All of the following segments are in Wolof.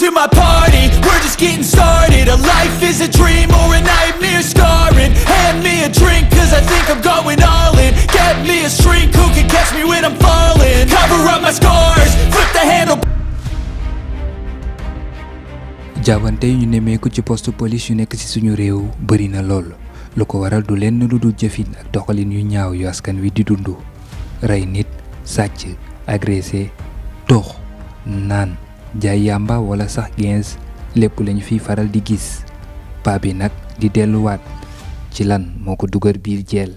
to my party We're just getting started A life is a dream or a nightmare scarring Hand me a drink cause I think I'm going all in Get me a shrink who can catch me when I'm falling Cover up my scars, flip the handle ñu ci poste police yu nekk ci suñu réew bëri na lool lu ko waral du lenn lu dul jëfin ak doxalin yu ñaaw yu askan wi di nit sàcc agressé naan jayamba wala sax gens lepp lañ fi faral di gis pa bi nak di wat ci lan moko ko bir jël jeel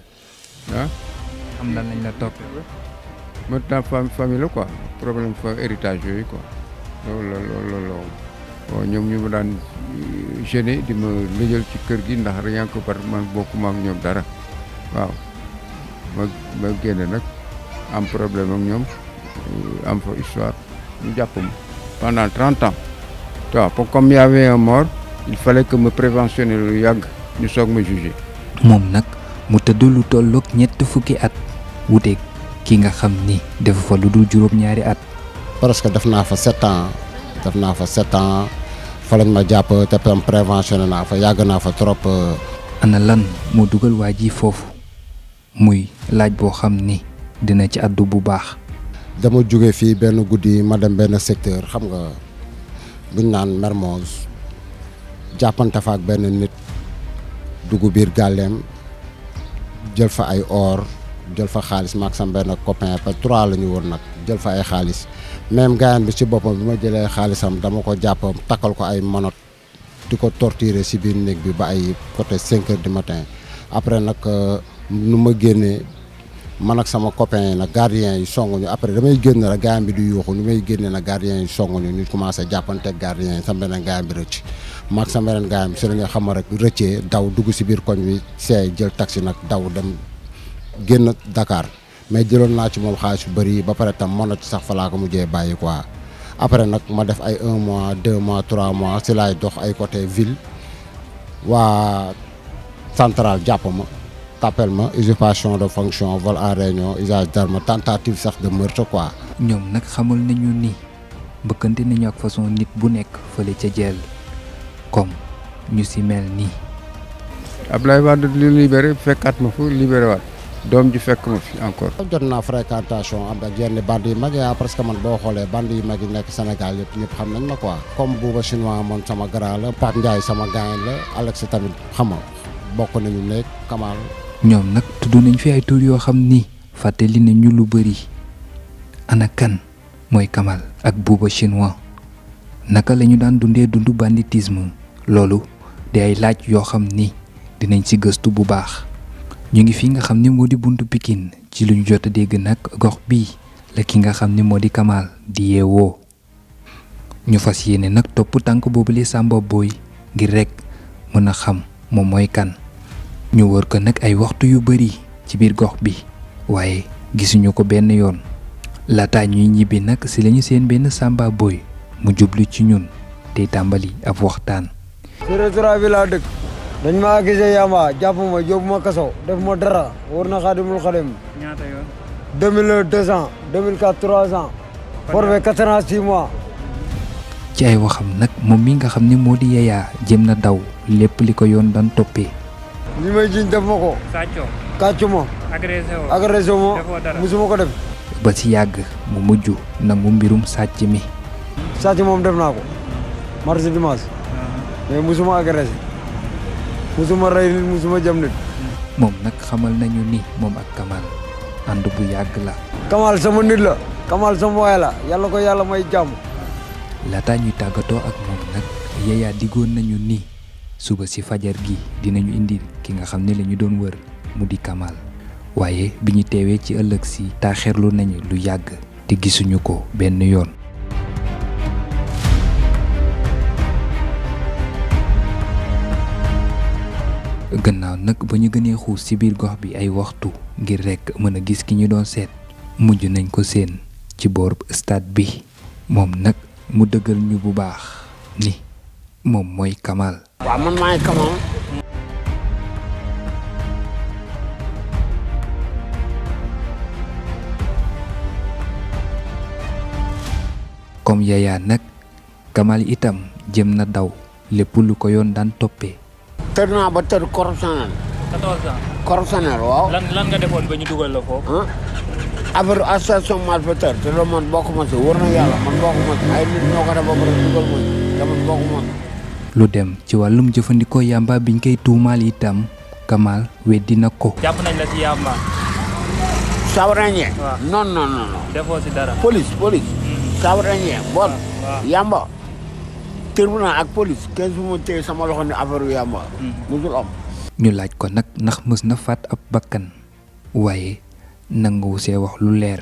xam ya. lan lañ la mo ta fam famille la quoi problème fo héritage yi quoi lo lo lo o ñom ñu daan gêné di ma lëjal ci kër gi ndax rien que par man bokuma ak ñom dara waaw ma ma génn nak am problème ak ñom eh, am fa histoire ñu jàpp pendant 30 ans. toi pour, comme il y avait un mort, il fallait que me préventionne lu yàgg ñu soog ma jugé. moom nag mu tëdd lu tolloog ñett fukki at wuteeg ki nga xam ni dafa fa lu dul juróom-ñaari at. presque def naa fa sept ans def naa fa sept ans fa lañ ma jàpp te tam préventionné naa fa yàgg naa fa trop. ana lan moo dugal waa ji foofu muy laaj boo xam ni dina ci àddu bu baax. dama jóge fi benn goudi ma dem benn secteur xam nga buñ naan Mermoz japanta fa ak benn nit duggu bir galem jël fa ay or jël fa xaalis maag sam benn copain pa 3 la ñu woon nag jël fa ay xaalis même gaayan bi ci bopam bima ma jëlee dama ko jappam takal ko ay manot diko torturer ci bir nek bi ba ay côté 5h du matin après nak euh, numa ma man ak sama copain yi nag gardien yi ñu après damay génn rek gaayam bi di yuuxu ni may génne nag gardien yi songuñu ñu commencé jàppanteeg gardien yi sama beneen gaayam bi rëcc maag sama beneen gaayam si la xam ma rek rëccee daw dugg si biir koñ bi seey jël taxi nag daw dem génn dakaar mais jëloon naa ci moom xaalis yu bëri ba pare tam mën na ci sax falaa ko mujjee bàyyi quoi après nag ma def ay un mois deux mois trois mois si laay dox ay côté ville waa jàpp ma tapel ma usurpation de fonction vol en réunion usage d'arme sax de meurtre quoi. ñoom nag xamul nañu nii bëkkante nañu ak façon nit bu nekk fële ca jël comme ñu si mel nii. Ablaye Wade li libéré fekkaat ma fu libéré waat doom ji fekk ma fi encore. jot naa fréquentation am ak yenn band yu mag yaa ah, parce que man boo xoolee band yu mag yi nekk senegal yëpp ñëpp xam nañ ma quoi. comme Bouba Chinois man sama grand la Pape Ndiaye sama gain Alex tamit xam ñom nak tuddu nañ fi ay yo xamni faté li nañ ñu lu bëri ana kan moy kamal ak bubo chinois naka lañu daan dundé dundu banditisme lolu di ay laaj yo xamni dinañ ci gëstu bu baax ñu ngi fi nga xamni modi buntu pikin ci luñu ñu dégg nak gox bi la ki nga xamni modi kamal di yéwo ñu fas nak top tank bobu li sambo boy ngir rek mëna xam mom moy kan ñu wër ko nak ay waxtu yu bari ci bir gox bi waaye gisuñu ko ben yoon laata ñuy ñibi nak ci lañu seen ben samba boy mu jublu ci ñun tey tambali ab waxtaan ci retour bi la dëkk dañ ma gisé yama jappuma ma kasso def mo dara wër na xaadimul xadim ñaata yoon 2002 ans 2004 300 forfait 4 ans 6 mois ci ay waxam nak mom mi nga xamni modi yaya jëm na daw lepp liko yoon daan topé ni may jiñ def mako ko sàccoo mo ma agressé woo agressé ma musuma ko def ba ci yag mu mujj nangu mbirum sàcc mi sàcc mom def nako ko marché dimanche eh, mais agressé musuma ray jam nit mom nak xamal nañu ni mom ak kamal andu bu yag la kamal sama nit la kamal sama way la yalla ko yalla may jam. la tañu tagato ak mom nak yaya digon nañu ni suba si fajar gi dinañu indi ki nga xamne lañu doon wër mu kamal waye biñu téwé ci ëlëk si taxerlu nañu lu yagg te gisunu ko ben yoon gannaaw nak bañu gëné xoo ci biir gox bi ay waxtu ngir rek mëna gis ki ñu doon sét mujj nañ ko seen ci bor stade bi mom nak mu dëggal ñu bu baax ni mom moy kamal waaw man maay Camara. Yaya nak kamali itam jëm na daw le pulu ko yon dan topé. Terna naa ba tër correctionnel. 14 ans correctionnel waaw. lan lan nga defon ba ñu duggal la foofu. affaire association malfaiteur te loolu man bokuma ci wër yalla man bokuma ci ay nit ñoko dafa ko duggal ba pare dugal te man bokkuma lu dem ci walum jëfëndiko yamba biñ koy tuumaal itam kamal wedina ko japp nañ la ci yamba sawrañe non non non Defo ci dara police police hmm. sawrañe bon yamba terbuna ak police kenn su ma téye sama loxo ni affaire yamba hmm. musul am ñu laaj ko nak nax mus na fat ab bakkan waye nanguwu se wax lu leer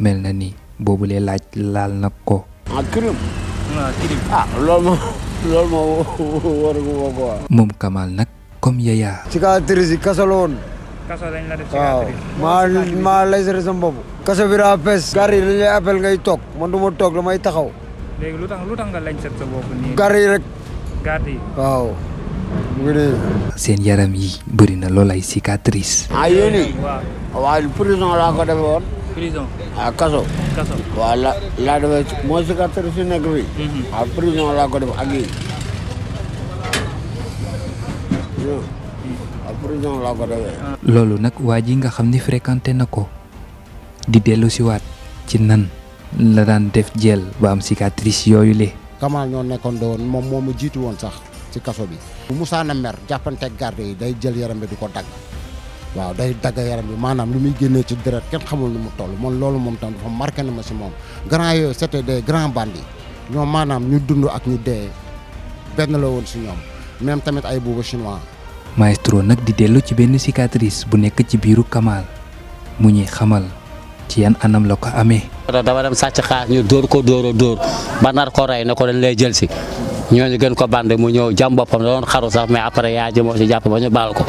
mel na ni boobu laaj lal na ko ah crime ah, ah loolu loolu moo waraguma quoi. nag comme Yaya. cicatrice yi kaso la woon. kaso la def cicatrice. waaw maa maa lay sori sama bopp. lay appel ngay toog man toog damay taxaw. tax lu tax nga lañ set sa bopp nii. gars yi rek. gars yi waaw. seen yaram yi bëri na loolay cicatrice. ah yéen waaw waaw prison laa ko defee Prison. A ah, kaso. Kaso. Mhm. Ah, wala ladwe mo se ka tere se nek bi. A ah, prison la ko def ak yi. A prison la Lolu nak waji nga xamni fréquenté nako di delu ci wat ci nan la daan def jël ba am cicatrice yooyu le kamal ñoo nekkoon doon moom moo ma jiitu woon sax ci kaso bi bu musaa na mer jàppante garde yi day jël yaram bi du ko waaw day dagg yaram bi maanaam lu muy génnee ci deret kenn xamul nu mu toll man loolu moom tam dafa marqué na ma si moom grand yooyu c'était des grands bandits ñoom maanaam ñu dund ak ñu dee benn la woon si ñoom même tamit ay buuba chinois. maestro nag di dellu ci benn cicatrice bu nekk ci biiru Kamal mu ñuy xamal ci yan anam la ko amee. dama dem sàcc xaar ñu dóor ko dóor dóor ba nar ko rey na ko dañ lay jël si ñu gën ko bande mu ñëw jam boppam da doon sax mais après yaa ji moo si jàpp baal ko.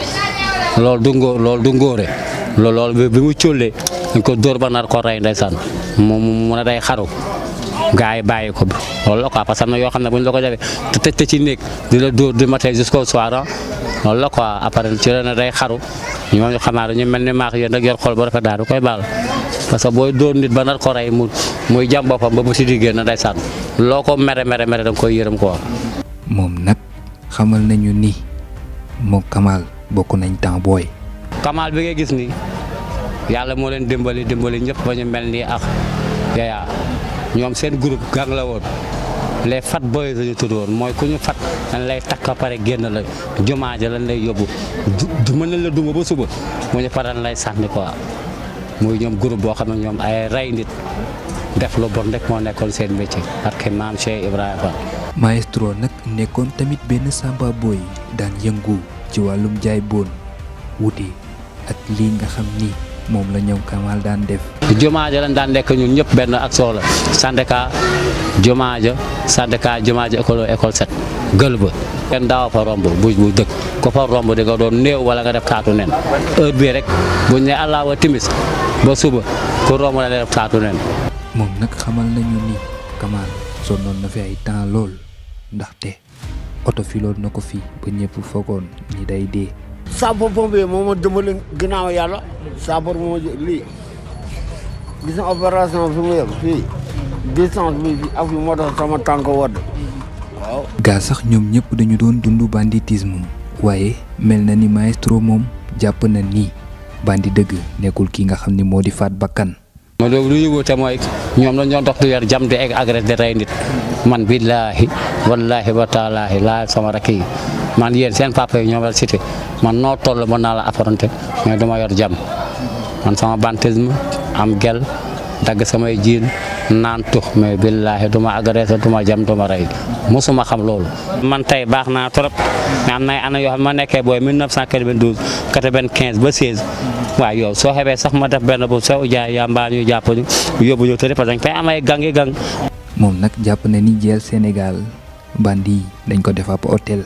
lool du ngóor loolu du ngóore loolu bi mu cóollee dañ ko dóor ba nar ko rey ndeysaan mu mu ne day xaru gaa yi bàyyi ko loolu la quoi parce na yoo xam ne bu la ko defee te ci néeg la dóor du matin jusqu'au soir ah. loolu la quoi après ci la xaru ñooñu xamaa dañu mel ni maax yéen rek yor xool bu rafet daal du koy baal parce que booy dóor nit ba nar ko rey mu muy jàm boppam ba bu si diggéen na ndeysaan loo ko mere mere mere da nga koy yërëm quoi. moom nag xamal nañu ni moo Kamal. bokk nañ temps booy. kamaal bi ngay gis ni yàlla moo leen dimbali dimbali ñëpp ba ñu mel nii ak Yaya ñoom seen groupe gang la woon les fat boys la tudd woon mooy ku ñu fat dañ lay takk a pare génn la jumaa ja lañ lay yóbbu du mën nañ la duma ba suba mu ñu pare lay sànni quoi muy ñoom group boo xam ne ñoom ay rey nit def lu bon rek moo nekkoon seen métier ak maam Cheikh Ibrahima. maestro nag nekkoon tamit benn samba boy daan yëngu. ci wàllum jaay boon wuti ak lii nga xam ni moom la ñëw Kamal daan def. jumaa lañ daan nekk ñun ñëpp benn ak soxla syndicat jumaa ja syndicat jumaa ja école école set gël ba kenn daaw fa romb bu bu dëkk ko fa romb di nga doon néew wala nga def taatu nen heure bii rek buñ ne allah wa timis ba suba ku romb la def taatu nen. moom nag xamal nañu ni Kamal sonnoon na fi ay temps lool ndaxte. auto fi na nako fi ba ñepp fokon ni day dé dee saabu pompe moo ma dëmbali yalla sa saabu moo li gis na opération fi mu yem fi distance mi fi ak moo tax sama tank wad waaw ga sax ñom ñepp dañu doon dundu banditisme waaye melna ni maestro mom japp na ni bandi deug nekul ki nga xamni modi fat bakkan ma do lu yëgoo te mooy ñoom dañ doon dox di wer jam de ak agresse de ray nit man billaahi wallaahi wa taalaahi laa sama rakk yi man yéen seen papa yi ñoo war cité man noo toll mën naa la affronté duma yor jàmm man sama bantisme am gel dagg samay jiin naan tux mais billaahi du ma agressé du ma jam du ma xam loolu. man tey baax naa trop mais am na ay yoo xam ma nekkee booy 1992 95 ba 16 waaw yow soo xebee sax ma def benn bu sew jaay yaa mbaa ñuy jàpp ñu yóbbu ñu tëddee parce que dañ fay am ay gang yi gang. mom nak japp eh, na ni jël Sénégal bandi dañ ko def ab hôtel.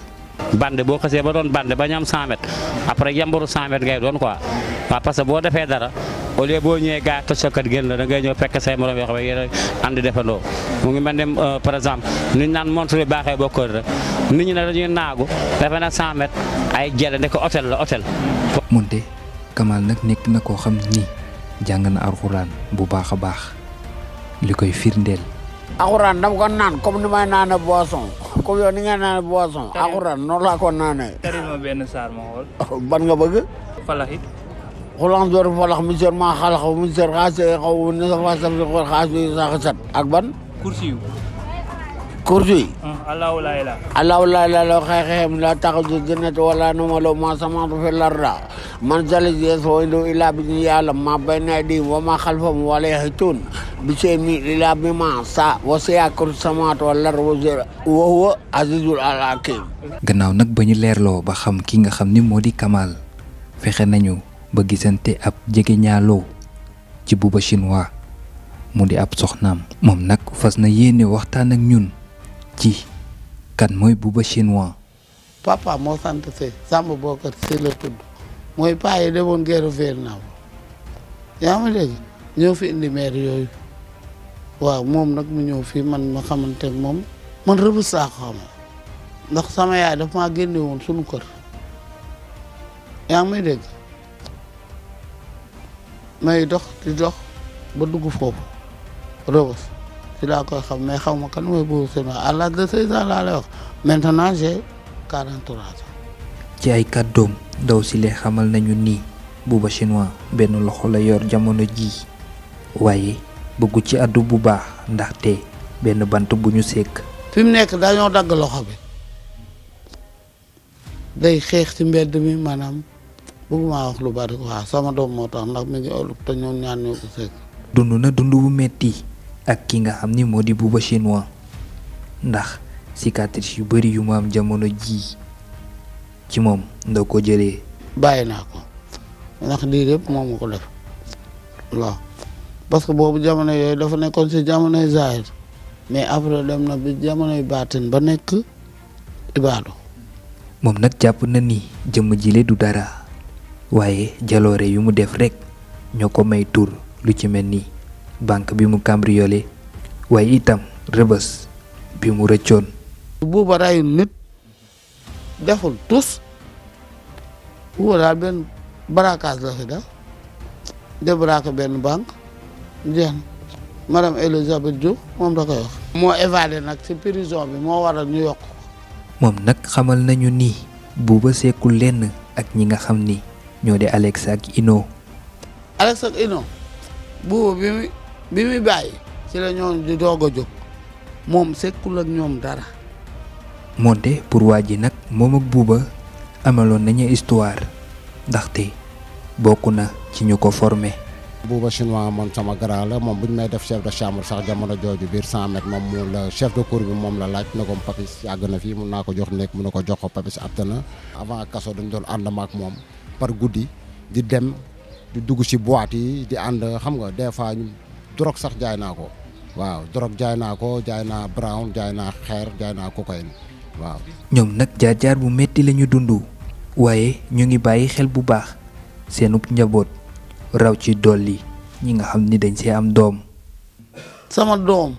bande bo xasse ba don bande ba ñam 100 mètres après yambaru 100 mètres ngay don quoi waaw parce bo défé dara au lieu bo ñé ga toj sokkat gën la da ngay ñow fekk say morom yo xam yéne and a ànd defandoo mu ngi mel ne par exemple ñu nane montre bi bokkor ra rek nit ñi ne dañuy naagu défé na 100 mètres ay jël ne ko hôtel la hôtel. monté Kamal nak nek na ko xam ni jang na alcorane bu baaxa baax likoy firndel alxuraan dama ko naan comme ni may naane boisson comme yow ni nga naane boisson. alxuraan noonu laa ko naanee. tari ma benn saar ma xool. ban nga bëgg. falax it. xulan door falax monsieur maa xalax monsieur xaase xaw ne sa faa safi xool xaas yu sax sat ak ban. kursi yu. kursi yi. allahu laa ilaaha. allahu laa ilaaha la xeexeem la taxadu jannati wala numa law ma samaatu fi larda man zali yees wa indu ilaa bi ñu yàlla ma bayna di wa ma xalfam wala yaxitun bisa mi lihat mi masa, wasi aku sama tuh allah rozir, wah wah azizul alaqim. Kenal nak banyak ler lo, baham kini ni modi kamal, fikirnya nyu bagi sante ab jaga nyalo, cibu bersin wa, modi ab sohnam, mom nak fas naya ni waktu nak ji kan moy buba chinois papa mo sante ce sambo bokat ce le tud moy paye de won guerre vernal yamale ñofi indi maire waaw moom nag mu ñëw fii man ma xamante moom man rëbës laa ko xam ndax sama yaay daf maa génne woon suñu kër yaa may dégg may dox di dox ba dugg foofu rëbës ci laa koy xam mais xaw ma kan mooy boobu seen à laa lay wax maintenant j'ai quarante trois ans ci ay kàddoom ndaw si lee xamal nañu nii Bouba Chinois benn loxo la yor jamono jii waaye bëggu ci àddu bu baax ndaxte benn bant bu ñu sekk fi mu nekk dañoo dagg loxo bi day xeex ci mbedd mi maanaam bëgguma wax lu bari waaw sama doom moo tax ndax mi ngi ëllëg te ñoom ñaan ñoo sekk dund na dund bu metti ak ki nga xam ni moo di buuba chinois ndax cicatrice yu bari yu mu am jamono jii ci moom nda ko jëlee bàyyi naa ko ndax lii yëpp moom ma ko def waaw parce que boobu jamono yooyu dafa nekkoon si jamonoy zahir mais après dem na bi jamonoy baatin ba nekk ibaadu moom nag jàpp na ni jëmm jile du dara waaye jaloore yi mu def rek ñoo ko may tur lu ci mel ni banque bi mu cambriole waaye itam rëbës bi mu rëccoon buuba rayu nit deful tus buuba daal benn barakaas la fi def de baraka benn banque jeex na madame Elisabeth moom da koy wax. moo évadé nag ci prison bi moo waral ñu yokk. moom nag xamal nañu ni Bouba sekul lenn ak ñi nga xam ni ñoo di Alex ak Ino. Alex ak Ino Bouba bi muy bàyyi ci la ñoo di doog a jóg moom sekul ak ñoom dara. moonte pour waa ji nag moom ak buuba amaloon nañu histoire ndaxte bokk na ci ñu ko formé. buuba chinois moom sama grand la moom bu ñu may def chef de chambre sax jamono jooju biir 100 mètres moom mu la chef de cour bi moom la laaj na ko papis yàgg na fii mun naa ko jox nekk mun na ko jox ko papis àtt na avant kaso dañ doon ànd maak moom par guddi di dem di dugg si boîte yi di ànd xam nga des fois ñu sax jaay naa ko waaw drogue jaay naa ko jaay naa brown jaay naa xeer jaay naa cocaïne waaw. ñoom nag jaar-jaar bu metti la ñu dund waaye ñu ngi bàyyi xel bu baax seenub njaboot. raw ci doli ñi nga xam ni dañ ci am dom sama dom,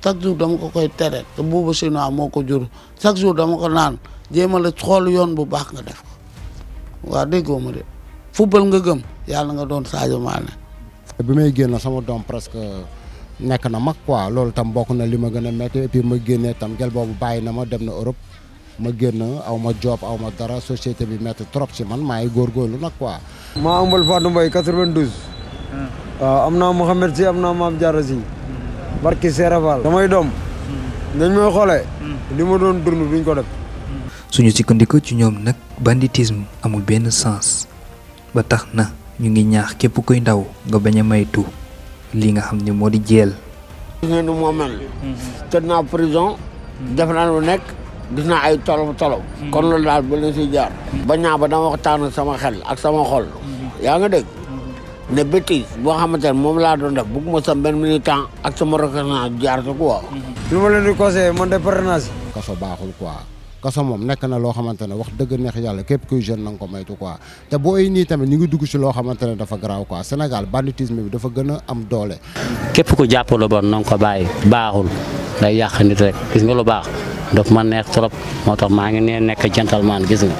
chaque jour dama ko koy tere te buuba chinois moko ko jur chaque jour dama ko nan jéema la xool yoon bu baax nga def ko waa déggoo de football nga gëm yalla nga doon Sadio Mané bi may génn sama dom presque nek na mak quoi lolou tam bokku na lima gëna metti et puis ma génnee tam gel bobu bayina ma dem na Europe ma genn awma job awma ma dara société bi metti trop ci man maa gor góorgóorlu nak quoi. ma amul Fatou mbay 92. waaw amna mohammed Mouhamed amna mam naa Maam barki seraval damay dom dañ hmm. moy xolé hmm. li ma doon dund duñ ko def. Hmm. suñu kandiko ci ñom nak banditisme amul ben sens ba taxna ñu ngi ñaax kep koy ndaw nga baña a maytu li nga xamni modi jël di jeel. ngeen mel. tëdd naa prison. def na lu nek gis naa ay tolom konon hmm. kon loolu daal ba la si jaar hmm. ba ñaa ba dama sama xel ak sama xol hmm. yaa nga dégg ne bétis boo xamante ne moom laa doon def bëgguma sam benn militant ak sama reconnaissance jaar sa quoi lu ma leen di conseillé man de parrainage kaso baaxul quoi kaso moom nekk na loo xamante ne wax dëgg neex yàlla képp kuy jeune na nga ko moytu quoi te boo yi nii tamit ñu ngi dugg loo xamante ne dafa garaaw quoi Sénégal banditisme bi dafa gën a am doole képp ku jàppale bon na nga ko bàyyi baaxul day yàq nit rek gis nga lu baax daf ma neex trop moo tax maa ngi nee nekk gentleman gis nga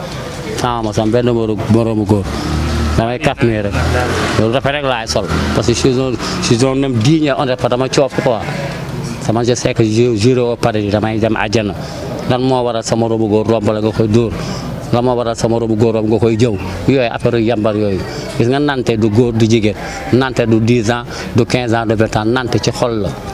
sama ma sama benn moroomu góor damay kat nii rek loolu rafet rek laay sol parce que je suis un je suis un coof quoi sama je sais que juré au damay dem àjjana lan moo waral sama robu góor romb la nga koy dóor lan moo waral sama robu góor romb nga koy jëw yooyu affaire yambar yooyu gis nga nante du góor du jigéen nante du 10 ans du 15 ans du 20 ans nante ci xol la